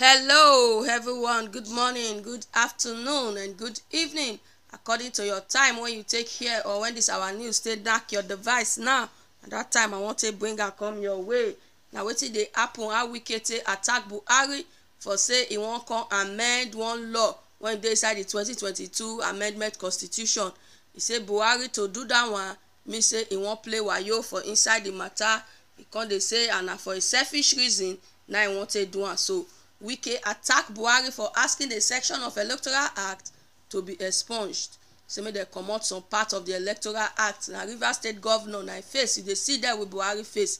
Hello, everyone. Good morning, good afternoon, and good evening. According to your time when you take here or when this our news, stay dark your device now. At that time, I want to bring and come your way. Now, wetin they happen? How Wike take attack Buhari for say he won't come amend one law when they inside the 2022 amendment constitution. He said Buhari to do that one Me say he won't play wayo for inside the matter. He can't dey say and for a selfish reason now he wan do am so. Wike attack Buhari for asking a section of Electoral Act to be expunged. Say make dem comot some part of the Electoral Act. Na Rivers State Governor na face you dey see there with Buhari face.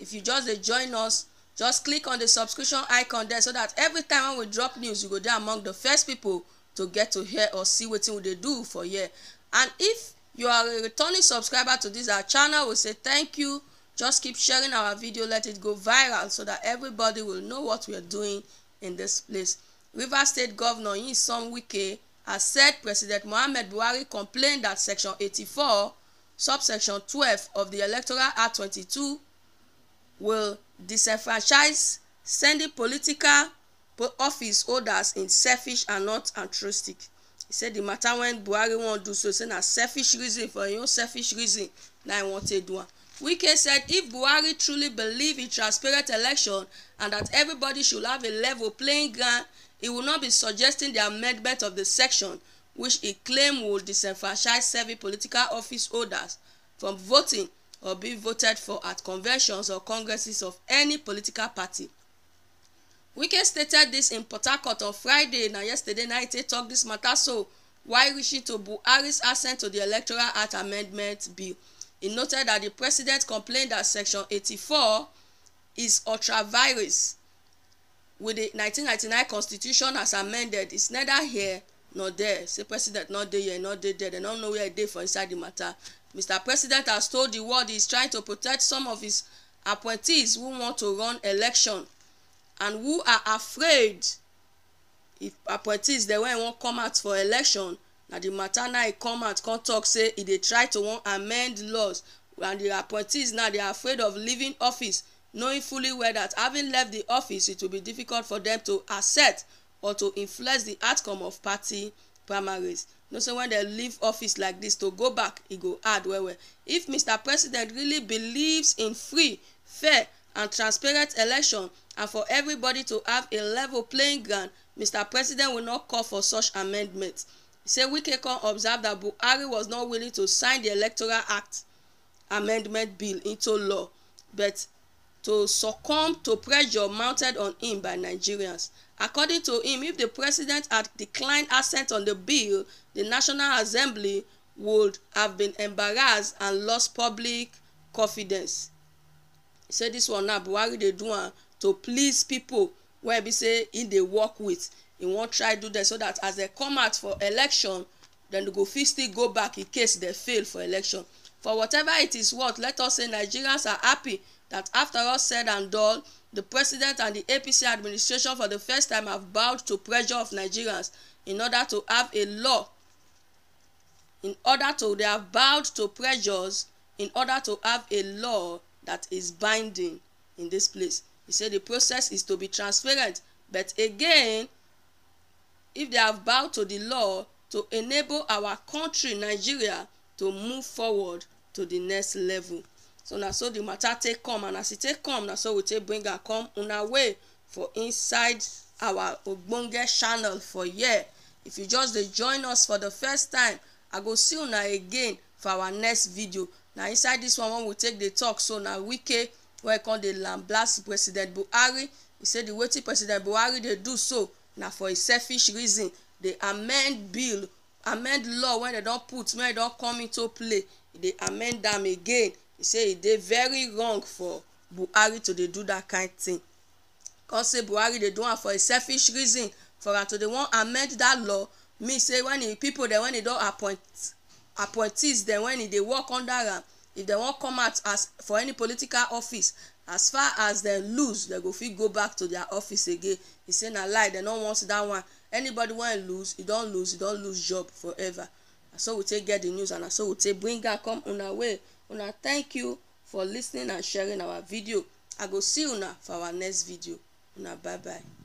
If you just dey join us, just click on the subscription icon there so that every time when we drop news, you go dey among the first people to get to hear or see wetin we dey do for here. And if you are a returning subscriber to this our channel, we say thank you. Just keep sharing our video, let it go viral so that everybody will know what we are doing in this place. River State Governor Yinsom Wike has said President Mohamed Buhari complained that Section 84, subsection 12 of the Electoral Act 22 will disenfranchise sending political office holders in selfish and not altruistic. He said the matter when Buhari wan do so, say na selfish reason for im selfish reason now im want to do am. Wike said if Buhari truly believed in transparent election and that everybody should have a level playing ground, he will not be suggesting the amendment of the section which he claimed would disenfranchise serving political office holders from voting or being voted for at conventions or congresses of any political party. Wike stated this in Port Harcourt on Friday na yesterday night he talk this matter so why reaching to Buhari's assent to the Electoral Act Amendment Bill. He noted that the president complained that Section 84 is ultra-virus with the 1999 constitution as amended it's neither here nor there say president not dey here not there, there dem no know where e dey for inside the matter mr president has told the world he's trying to protect some of his appointees who want to run election and who are afraid if appointees they won't come out for election na the matter now e come out come talk say e dey try to wan amend laws and the appointees now dey afraid of leaving office knowing fully well that having left the office it will be difficult for them to accept or to influence the outcome of party primaries know say when they leave office like this to go back e go hard well well if mr president really believes in free fair and transparent election and for everybody to have a level playing ground mr president will not call for such amendments say wike come observe that buhari was not willing to sign the electoral act amendment bill into law but to succumb to pressure mounted on him by nigerians according to him if the president had declined assent on the bill the national assembly would have been embarrassed and lost public confidence say this one na buhari dey do am to please people wey be say e dey work with He wan try do dem so that as they come out for election dem go fit still go back in case they fail for election for whatever it is worth let us say nigerians are happy that after all said and done the president and the apc administration for the first time have bowed to pressure of nigerians in order to have a law in order to they have bowed to pressures in order to have a law that is binding in this place he said the process is to be transparent but again if they have bowed to the law to enable our country nigeria to move forward to the next level so na so the matter take come and as e take come na so we take bring am come una way for inside our ogbonge channel for here if you just dey join us for the first time i go see una again for our next video na inside this one when we take dey talk so na wike wey come dey lamblast president buhari e say the wetin president buhari dey do so na for a selfish reason dey amend bill amend law wey dem don put wey don come into play e dey amend am again e say e dey very wrong for buhari to dey do dat kind thing come say buhari dey do am for a selfish reason for am to dey wan amend dat law mean say when e pipo dem when e don appoint appointees dem when e dey work under am if dem wan come out as for any political office as far as dem lose dem go fit go back to dia office again e say na lie dem no want dat one anybody wey lose e don lose e don lose job forever na so we take get di news and na so we take bring am come una way una thank you for lis ten ing and sharing our video i go see una for our next video una bye bye.